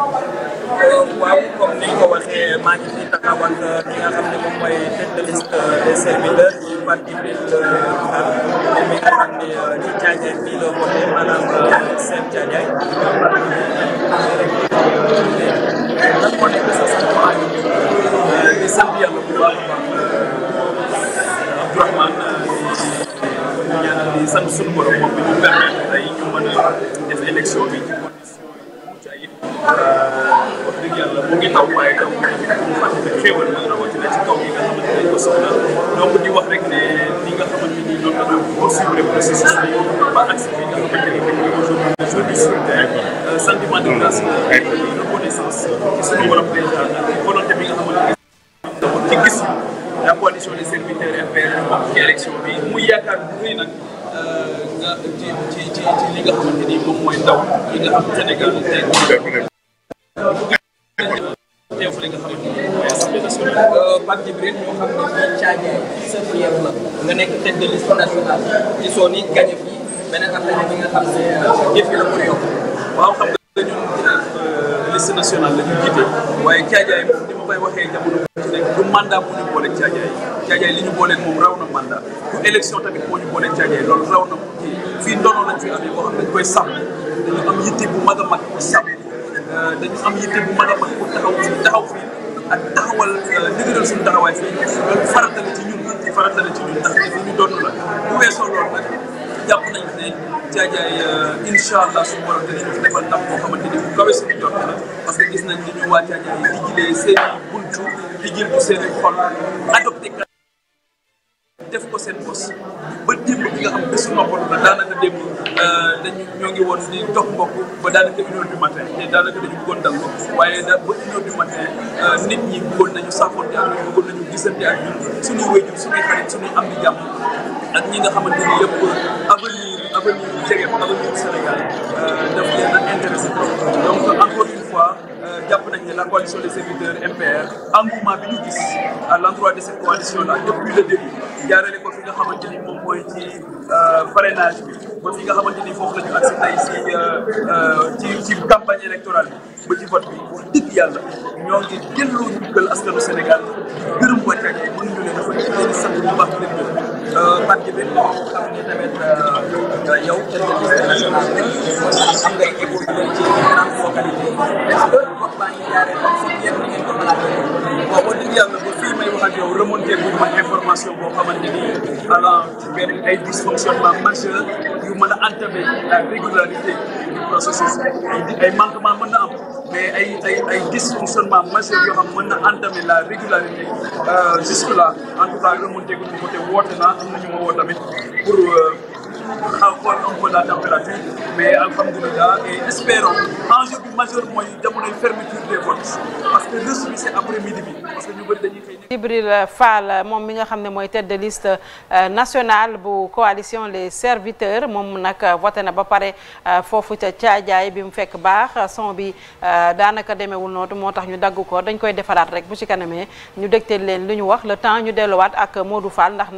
Euh, waaw comme ni ko waxee maa ngi fi euh, ki nga xam ne moom mooy tête de liste des serviteurs ci parti bi moom mi nga xam ne ci Thiadiaye bii la wote maanaam seen euh, Thiadiaye lan moo nekk sa sentiment di sant yàlla bu baax a baax Abdourahmane ñaanal di sant suñu borom moom bi ñu permettre wax dëgg yàlla mu ngi taw waaye taw bi nga xéewal la rawatina ci taw yi nga xamante ne ko soxla donc di wax rek ne li nga xamante ni noonu la doon poursuivre processus bi ba agsi fii nga xamante ni rek aujourd'hui le jour du soutien euh, sentiment de grâce la reconnaissance ci suñu borom déjà ak volonté bi nga xamante ni ci gis la coalition des serviteurs FPR bokk ci élection bi muy yaakaar bu rëy nag euh, nga ci ci ci li nga xamante ni moom mooy ndaw li nga xam Sénégal tey teew fële nga xamante ni mooy assemblée nationale. Pape Djibril ñoo xam ne fii caagee sa fièvre la nga nekk tête de liste nationale gisoo ni gañe fii beneen affaire bi nga xam ne jëf la mën a yokk waaw xam nga ñun liste nationale la ñu jiite waaye caajaay moom ni ma koy waxee jamono ci nekk du mandat moo ñu boole caajaay caajaay li ñu booleen moom raw na mandat du élection tamit moo ñu boole caajaay loolu raw na kii fii ndono lañ fi amee boo xam ne dañ koy sàmm dañu am yitte bu mag a mag pour sàmm dañu am yitte bu mën a mën pour taxaw suñu taxaw fii a taxawal euh, a suñu taxawaay fii loolu la ci ñun ñun farata la ci ñun ndax lu ñu doon la bu weesoo loolu nag jàpp nañ ne jaajaay euh, incha allah suñu borom dinañ ko defal ndam boo xamante ni bu kawe suñu jot la parce que gis nañ ni ñu waa jaajaay liggéey seen bu seen i xol adopté def ko seen bos Euh, dañu ñoo ngi woon di dox mbokk ba daanaka une heure du matin te daanaka dañu bëggoon dal waaye da ba une heure du matin euh, nit ñi bëggoon nañu saafoonte ak ñun bëggoon nañu gisante ak ñun suñuy wéyjur suñuy xarit suñuy am di jàmm ak ñi nga xamante ni yëpp avenir avenir bu jege Sénégal euh, daf leen a intéressé donc encore une fois jàpp nañ la coalition des serviteurs MPR engouement bi ñu gis à de cette coalition là ko li a xamante ni moom mooy ci euh, parrainage bi ba fi nga xamante ni foofu la ñu agsi tey si euh, euh, ci ci campagne électorale bi ba ci vote bi wax dëgg yàlla ñoo ngi delloo njukkal askanu Sénégal gërëm ko a yi mënuñu leen dafa ci leen sant bu ko xalaatee may wax ak yow remonté ma information formation boo xamante ne allant vers ay dysfonctionnement majeur yu mën a entamer la régularité du processus ay manquement na am mais ay ay ay dysfonctionnement majeur yoo xam mën na entamer la régularité euh, jusque là en tout cas remonté ko côté woote naa am ñu ma woo xaw un moom mi nga xam ne mooy tedd list national euh, nationale bu coalition les serviteurs moom nag voté na ba pare euh, foofu ca caajaay bi mu fekk baax son bi euh, daanaka demeewul nootu moo tax ñu dagg ko dañ koy defaraat rek bu ci kanamee ñu dégteel leen lu ñu wax le temps ñu delluwaat ak Modou Fall ndax.